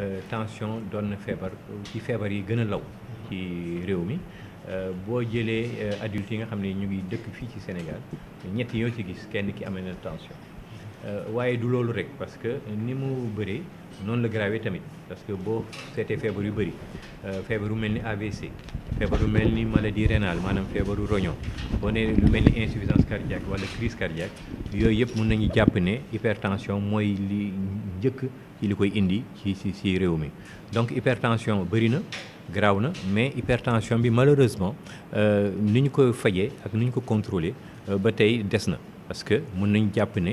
Euh, tension donne fièvre feebar fièvre yi gëna law ci réew mi euh, bo jëlé euh, adulte yi nga xamné ñu ngi dëkk fi ci Sénégal ñett yoo ci gis kenn ki amé na tension euh, waaye du loolu rek parce que ni mu bëree noonu la grave tamit parce que boo seetee feebar yu bëri euh, feebar yu mel ni AVC feebar yu mel ni maladie rénale maanaam feebaru roño boo nee lu mel ni insuffisance cardiaque wala crise cardiaque yooyu yëpp mën nañu jàpp ne hypertension mooy li njëkk ci li koy indi ci ci ci réew mi donc hypertension bëri na graaw na mais hypertension bi malheureusement euh, ni ñu ko fajee ak ni ñu ko contrôler ba tey des na parce que mën nañu jàpp ne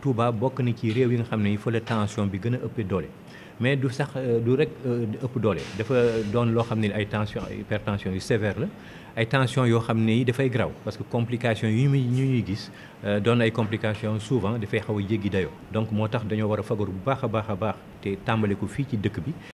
Touba bokk na ci réew yi nga xam ne fa la tension bi gën a ëppee doole mais du sax euh, du rek euh, ëpp doole dafa doon loo xam ne ay tension hypertension yu sévère la ay tension yoo xam ne yi dafay graw parce que complication yu muy ñu ñuy gis euh, doon ay complication souvent dafay xaw a jéggi dayo donc moo tax dañoo war a fagaru bu baax a baax a baax te tàmbale fii ci dëkk bi